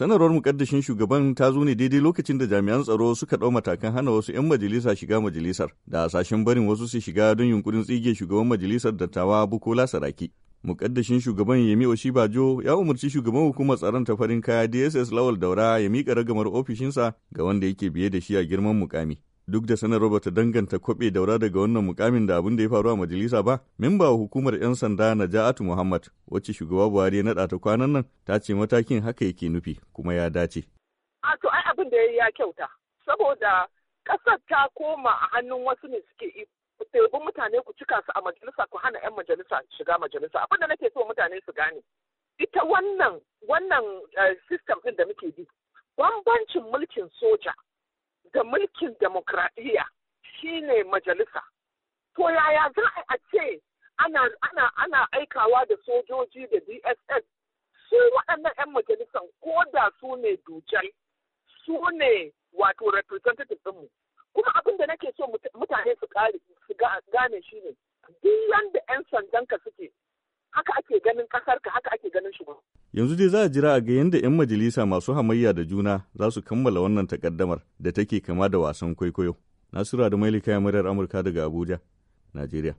Sanarwar mukaddashin shugaban ta zo ne daidai lokacin da jami'an tsaro suka ɗau matakan hana wasu 'yan majalisa shiga majalisar da hasashen barin wasu su shiga don yunkurin tsige shugaban majalisar dattawa Bukola Saraki. Mukaddashin shugaban Yemi Oshibajo ya umarci shugaban hukumar tsaron ta farin kaya DSS Lawal Daura ya miƙa ragamar ofishinsa ga wanda yake biye da shi a girman mukami. duk da sanarwa ba ta danganta kwabe daura daga wannan mukamin da abin da ya faru a majalisa ba memba hukumar yan sanda na Ja'atu muhammad wacce shugaba buhari ya naɗa ta kwanan nan ta ce matakin haka yake nufi kuma ya dace a to ai abin da ya kyauta saboda ƙasar ta koma a hannun wasu ne suke tebi mutane ku cika su a majalisa ku hana 'yan majalisa shiga majalisa abin da nake so mutane su gane ita wannan wannan eh, system ɗin da muke bi bambancin mulkin soja da mulkin demokradiyya shine majalisa. To yaya za a ce ana, ana, aikawa da sojoji da DSS su waɗannan 'yan majalisan ko da su ne dujal su ne wato representative ɗinmu. Kuma abin da nake so mutane su gane shi ne, duk yanda 'yan sandanka suke, haka ake ganin ƙasarka, haka ake ganin shugaban. Yanzu dai za a jira a ga yadda 'yan majalisa masu hamayya da juna za su kammala wannan takaddamar da take kama da wasan kwaikwayo. Nasiru da Mailika ya Amurka daga Abuja, Najeriya.